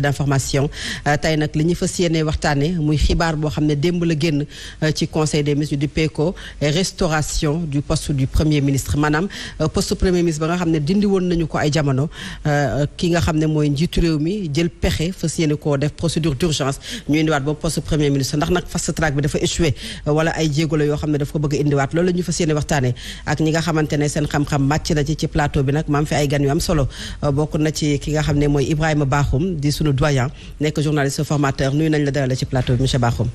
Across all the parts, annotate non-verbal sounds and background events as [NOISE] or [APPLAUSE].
d'information euh, tey nag li ñu fas yéene waxtaane muy xibaar boo xam ne démb la génn euh, ci conseil des ministres du PECO restauration du poste du premier ministre maanaam euh, poste premier ministre ba nga xam ne dindi woon nañu ko ay jamono ki nga xam ne mooy njiitu réew mi jël pexe fas yéene koo def procédure d'urgence ñu indiwaat ba poste premier ministre ndax nag fast track bi dafa échoué wala ay jéego yoo xam ne dafa ko bëgg indiwaat loolu ñu fas yéene le doyen nekk journaliste formateur nuyu nañ la dalal ci plateau bi monsieur Bakhoum.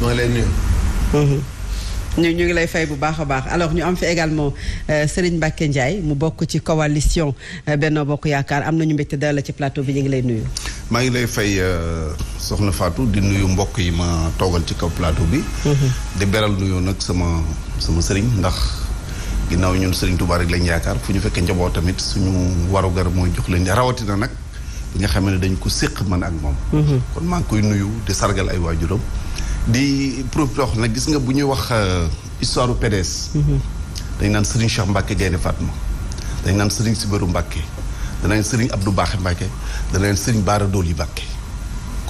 maa ngi lay nuyu. Mhm. ñu ngi lay fay bu baax a baax alors ñu am fi également euh, Serigne Mbacke Ndiaye mu bokk ci coalition euh, benn Bokk Yaakaar am nañu mbégte dalal ci plateau bi ñu ngi lay nuyu. maa ngi lay fay euh, soxna Fatou di nuyu mbokk yi ma toogal ci kaw plateau bi. Mhm. di beral nuyu nag sama sama Serigne ndax. ginnaaw ñun Serigne Touba rek lañ yaakaar fu ñu fekkee njaboot tamit suñu warugar mooy jox leen rawatina nag bi nga xam ne dañ ko séq man ak moom. Mhm. kon maa ngi koy nuyu di sargal ay waajuram di profité wax nag gis nga bu ñuy wax euh, histoire PDS. Mhm. dañ naan Serigne Cheikh Mbacke Gaynde Fatma dañ naan Serigne Sibérou Mbacke danañ Serigne Abdou Baaxe Mbacke danañ Serigne Bara Doli Mbacke.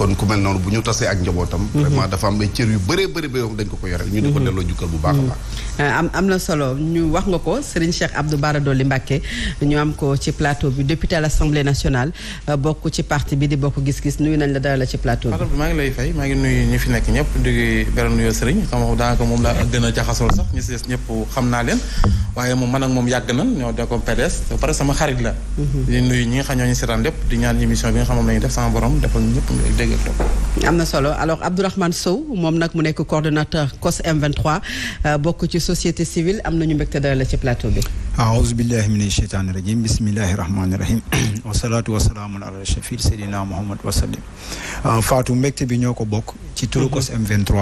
kon ku mel noonu bu ñu tasee ak njabootam. Mhm. vraiment dafa am ay cër yu bëree bëri ba dañ ko ko yore. ñu di ko mhm. delloo jukkal bu baax a baax. Mhm. Euh, am na solo ñu wax nga ko Serigne Cheikh Abdou Bara Dolly Mbacké ñu am ko ci plateau bi député à l'Assemblée nationale euh, bokk ci parti bi di bokk gis-gis nuyu nañ la dalal ci plateau bi. maa ngi lay fay maa ngi nuyu ñi fi nekk ñëpp di beral nuyoo Serigne xam nga daanaka moom a jaxasool sax naa leen waaye moom man ak moom yàgg na ñoo da ko PDS pare sama xarit la. di nuyu ñi nga xam ñoo ñu seetaan lépp di am na solo alors Abdourahmane Sow moom nag mu nekk coordinateur COS m euh, bokk ci société civile am nañu mbégte dalal la ci plateau bi. aouzu billahi minash shaytaani rajim bismillahi rahmaani rahim [CLEARS THROAT] wasalaatu wasalaamu ala rachafil seydina Muhammad wasallim euh, Fatou mbégte bi ñoo ko bokk. ci Turocos mhm. M23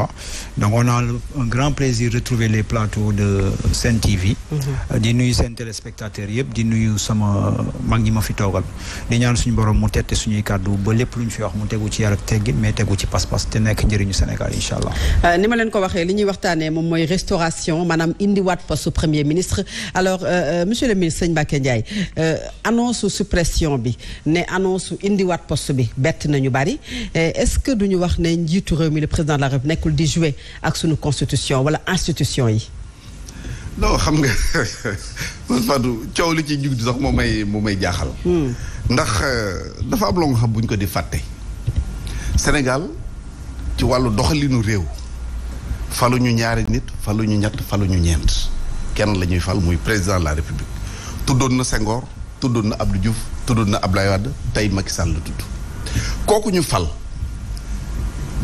donc on a un grand plaisir de retrouver les plateaux de Sen TV mhm. euh, di nuyu seen téléspectateurs yëpp di nuyu sama mag ma fi toogal di ñaan suñu borom mu tette suñuy kàddu ba lépp lu ñu fi wax mu tegu ci yar ak teggin mais tegu ci pas-pas te nekk njëriñu Sénégal incha allah euh, ni ma leen ko waxee li ñuy waxtaanee moom mooy restauration maanaam indiwaat poste premier ministre alors euh, monsieur le ministre Serigne Mbacké Ndiaye annonce suppression bi ne annonce indiwaat poste bi bett nañu réew mi le président de la République nekkul di jouer ak suñu constitution wala institution yi. non xam nga [LAUGHS] man Fatou coow li ci jug di sax moo may moo may jaaxal. Hmm. ndax euh, dafa am loo xam bu ko di fàtte. Sénégal ci wàllu doxalinu réew falu ñu ñaari nit falu ñu ñett ñu ñeent kenn la ñuy fal muy président de la République tuddoon na sengoor tuddoon na Abdou Diouf tuddoon na Abdoulaye Wade tey Macky Sall la kooku ñu fal.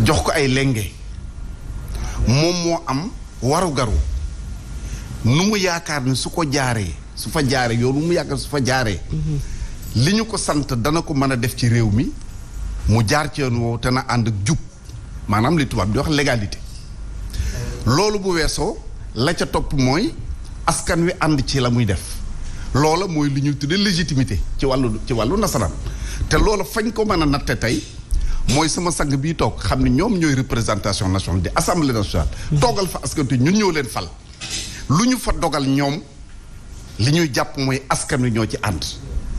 jox ko ay lenge moom moo am warugaru nu mu yaakaar ni su ko jaaree su fa jaaree yow nu mu yaakaar su fa jaaree. Mm-hmm. li ñu ko sant dana ko mën a def ci réew mi mu jaar ci yoon te na ànd ak jub maanaam li tubaab di wax légalité. loolu bu weesoo la ca topp mooy askan wi ànd ci la muy def loola mooy li ñu tuddee légitimité ci wàllu ci wàllu nasaraan te loola fañ ko mën a natte tey. mooy sama sang bii toog xam ne ñoom ñooy représentation nationale di assemblée nationale. toogal fa askan wi ñun ñoo leen fal. lu ñu fa dogal ñoom li ñuy jàpp mooy askan wi ñoo ci ànd.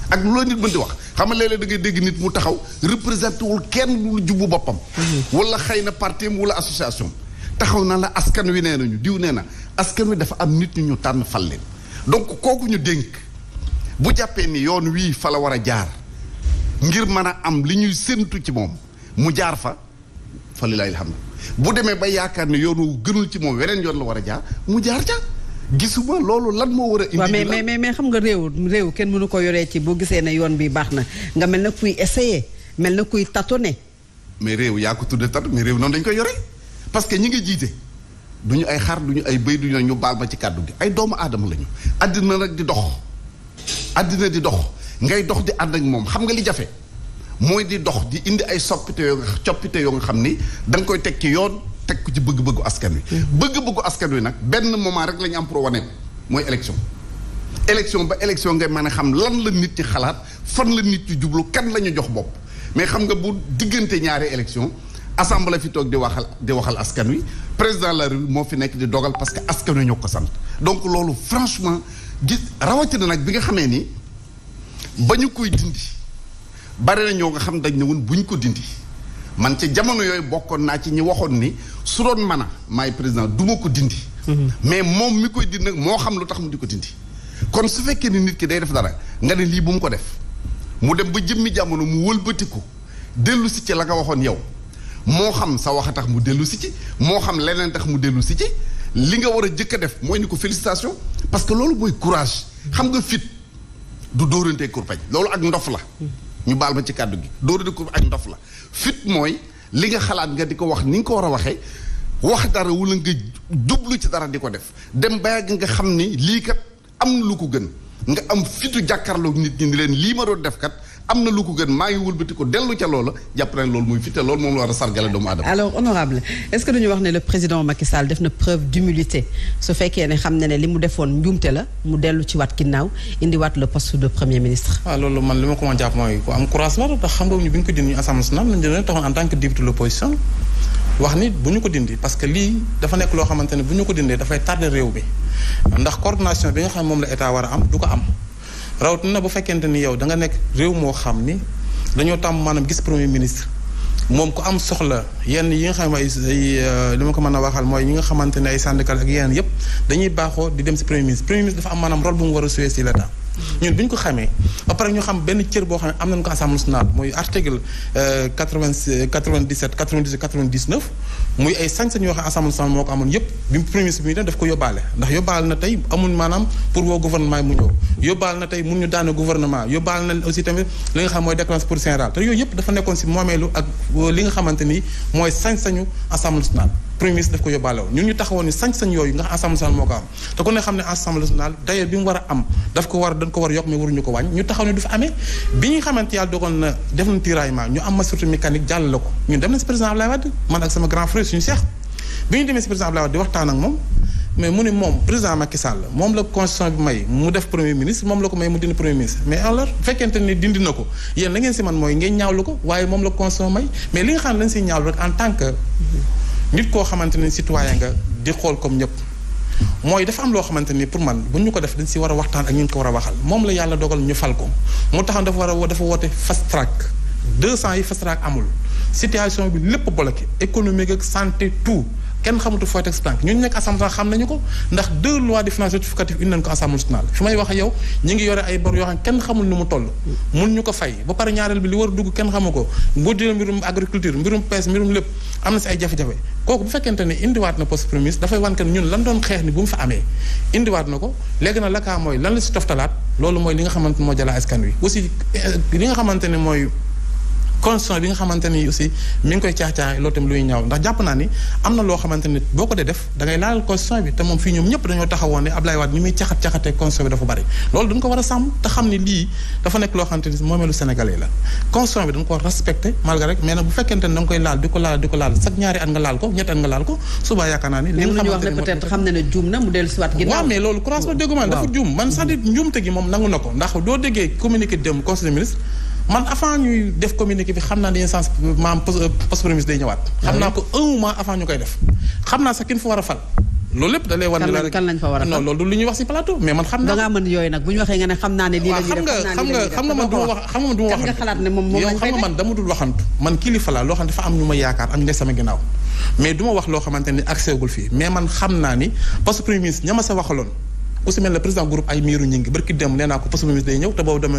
ak loolu nit mën di wax xam nga léeg dégg nit mu taxaw représenté wul kenn lu jubbu boppam. Mhm. wala xëy na parti am association taxaw na la askan wi nee nañu diw nee na askan wi dafa am nit ñu ñu tànn fal leen donc kooku ñu dénk bu jàppee ni yoon wii fa la war a jaar ngir mën a am li ñuy séntu ci moom. mu jaar fa fa lilaay alhamdu bu demee ba yaakaar ne yoonu gënul ci moom weneen yoon la war a jaar mu jaar ca gisuma loolu lan moo war a indi. waaw mais mais mais xam nga réew réew kenn mënu ko yoree ci boo gisee ne yoon bi baax na nga mel na kuy essayer mel na kuy tâtonner. mais réew yaa ko tudde tâtonner mais réew noonu dañ koy yore parce que ñi ngi jiite du ñu ay xar du ñu ay bëy du ñu ñu baal ma ci kàddu gi ay doomu aadama la ñu. àddina nag di dox àddina di dox ngay dox di ànd ak moom xam nga li jafe. mooy di dox di indi ay soppite yoo nga coppite yoo xam ni da koy teg ci yoon teg ko ci bëgg-bëggu askan wi. Mm-hmm. bëgg-bëggu askan wi nag benn moment rek la ñu am pour wane mooy élection. élection ba élection ngay mën a xam lan la nit ci xalaat fan la nit ci jublu kan la ñu jox bopp mais xam nga bu diggante ñaari élection assemblée fi toog di waxal di waxal askan wi président la République moo fi nekk di dogal parce que askan wi ñoo ko sant donc loolu franchement gis rawatina nag bi nga xamee ni ba ñu koy dindi. bari na ñoo nga xam dañ ne woon ñu ko dindi man ca jamono yooyu bokkoon naa ci ñi waxoon ni su doon man a may président du ma ko dindi mhm. mais moom mi koy dindi moo xam lu tax mu di ko dindi kon su fekkee ni nit ki day def dara nga ne lii bu ko def mu dem ba jëmmi jamono mu wëlbatiku dellu si ci la nga waxoon yow moo xam sa wax a tax mu dellu si ci moo xam leneen tax mu dellu si ci li nga war a jëkk a def mooy ni ko félicitation parce que loolu mooy courage mhm. xam nga fit du dóorante kurpañ loolu ak ndof la mhm. ñu baal ma ci kàddu gi dóor di ko ak ndof la fit mooy li nga xalaat nga di ko wax ni nga ko war a waxee wax dara wala nga jublu ci dara di ko def dem ba yàgg nga xam ni lii kat am lu ko gën nga am fitu jàkkaarloo nit ñi ni leen lii ma doon def kat am na lu ko gën maa ngi wëlbati ko dellu ca loola jàpp na loolu muy fi loolu moom la war a sargale doomu aadama. alors honorable est-ce que duñu wax ne le na ne li mu defoon njuumte la mu dellu ci waat ginnaaw indiwaat le poste de premier ministre. waaw ah, loolu man li ma ko mën jàpp mooy am courage la ndax xam nga ñu bi ko dindi assemblée nationale bu ñu ko dindi parce que lii dafa nekk loo xamante ne bu ñu ko dindee dafay tardé réew bi ndax coordination bi nga xam moom la état war a am du ko rawatina bu fekkente ni yow da nga nekk réew moo xam ni dañoo tàmm maanaam gis premier ministre moom ko am soxla yenn yi nga xam ne ay euh, li ma ko mën a waxal mooy ñi nga xamante ne ay syndicat ak yeneen yëpp dañuy baaxoo di dem si premier ministre premier ministre dafa am maanaam rôle bu mu war a suyee si l'état ñun bi ñu ko xamee ba pare ñu xam benn cër boo xam ne am nañu ko assemblée nationale mooy article quatre euh, vingt quatre vingt dix sept quatre vingt dix huit quatre muy ay sañ-sañ yoo xam moo ko amoon yëpp bi mu premier ministre bi ñu def daf ko yóbbaale ndax yóbbaale na tey amul maanaam pour woo gouvernement yi mu ñëw yóbbaale na tey mun ñu daane gouvernement yóbbaale na aussi tamit li nga xam mooy déclaration pour générale te yooyu yëpp dafa nekkoon si moomeelu ak li nga xamante ni mooy sañ-sañu assemblée nationale premier ministre daf ko yóbbaale woon a a yokk mais waruñu ko la ko ñun dem moom la constitution bi may mu def premier ministre ne dindi na ko yéen la ngeen si man mooy ngeen ñaawlu ko waaye moom la constitution may mais li nga xam ne lañ si ñaawlu rek en tant que nit koo xamante ne citoyen nga di xool comme ñëpp mooy dafa am loo xamante ni pour man bu ñu ko def dañ si war a waxtaan ak ñu ngi ko war a waxal moom la yàlla dogal ñu fal ko mu tax dafa war a dafa woote fast track deux cent yi fast amul situation bi lépp bloqué économique ak santé tout kenn xamutu fooy teg sa tànk ñun nekk assemblée xam nañu ko ndax deux lois de finances rectificatives indi nañu ko assemblée nationale fi may wax yow ñu ngi yore ay bor yoo xam kenn xamul nu mu toll mun ñu ko fay ba pare ñaareel bi li war dugg kenn xamu ko buddi mbirum agriculture mbirum pêche mbirum lépp am na si ay jafe-jafe kooku bu fekkente ne indiwaat na poste premier dafay wan kan ñun lan doon xeex ni bu mu fa amee indiwaat na ko léegi na la kaa mooy lan la si toftalaat loolu mooy li nga xamante ne moo askan wi aussi li nga xamante ne mooy condition bi nga xamante ni aussi mi ngi koy caax-caax loolu tamit luy ñaaw ndax jàpp naa ni am na loo xamante ni boo ko dee def da ngay laal condition bi te moom fii ñoom ñëpp dañoo taxawoon ne Ablaye Wade ni muy caxat-caxatee condition bi dafa bari loolu a sàmm te ne dafa bu fekkente ne da nga koy laal di ko laal di ko laal chaque ñaari at nga laal juum si waat ginnaaw waaw mais man cest à njuumte gi moom nangu na ko ndax doo déggee communiqué dem conseil des ministres man avant ñuy def communiqué bi xam naa ne instance maam poste premier ministre day ñëwaat. Ah xam naa ko un avant ñu koy def. xam naa sax kin fa war a fal. loolu lépp da lay wan la rek kan lañ fa war a non loolu du lu ma wax kilifa loo xam ne dafa am ñu ma yaakaar am ñu nekk sama ginnaaw mais du wax loo xamante ni accès gul fii mais man xam naa ni parce que premier ministre ña ma sa waxaloon ku si mel ne président groupe ay miiru ñi ngi barki dem nee ko parce que day ñëw te boobu dama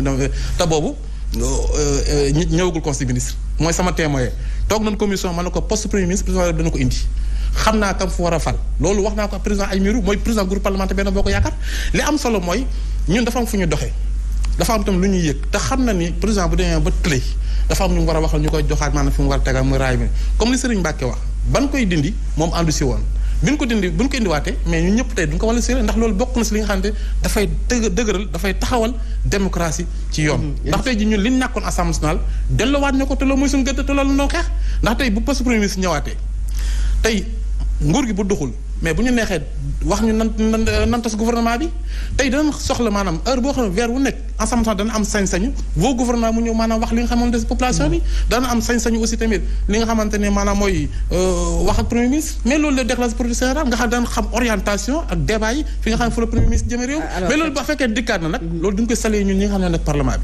te boobu Euh, euh, ñëwagul conseil ministre mooy sama témoin toog nañ commission ma ne ko poste premier ministre président dana ko indi xam naa kam fu war a fal loolu wax naa ko président Aymerou mooy président groupe parlementaire Benno Bokk Yaakaar li am solo mooy ñun dafa am fu ñu doxee dafa am tam lu ñuy yëg te xam na ni président bu demee ba tële dafa am lu mu war a waxal ñu koy joxaat maanaam fi mu war a tegal muy raay bi comme li Serigne Mbacke wax ban koy dindi moom àndu woon bi ñu ko dindi bu ñu ko indiwaatee mais ñun ñëpp tey duñ ko wala séeréer ndax loolu bokk na si li nga xamante dafay dëgë dëgëral dafay taxawal démocratie ci yoon mm-hmm. ndax tey ji ñun li ñu nàkkoon assemblée nationale delluwaat ne ko te loolu mooy suñu gëdd te loolu noo xeex ndax tey bu poste premier ministre ñëwaatee tey nguur gi bu duxul mais bu ñu neexee wax ñu nan euh, nan tas gouvernement bi tey danañ soxla maanaam heure boo xam ne weer wu nekk ensemble dana am sañ-sañu boo gouvernement mu ñëw maanaam wax li nga xamante ne population bi dana am sañ-sañu aussi tamit li nga xamante ne maanaam mooy euh, wax ak premier ministre mais loolu la déclaration politique générale nga xam daan xam orientation ak débat fi nga xam ne fu la premier ministre jëme réew ah, mais loolu ba fekkee dikkaat na nag mm-hmm. loolu duñ koy salee ñun ñi nga xam ne nag parlement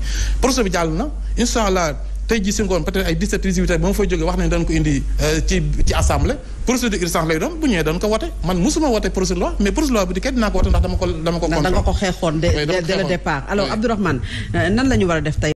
tey jii si ay 17 ba ma fay jógee wax nañ dañ ko indi euh, ci assemblée procédure d'urgence lay doon bu ñëwee dañ ko wote man musuma wote procédure mais procédure loi bi di dinaa ko wote ndax dama ko dama ko. xeexoon dès le départ alors Abdourahmane euh, nan la war a def tey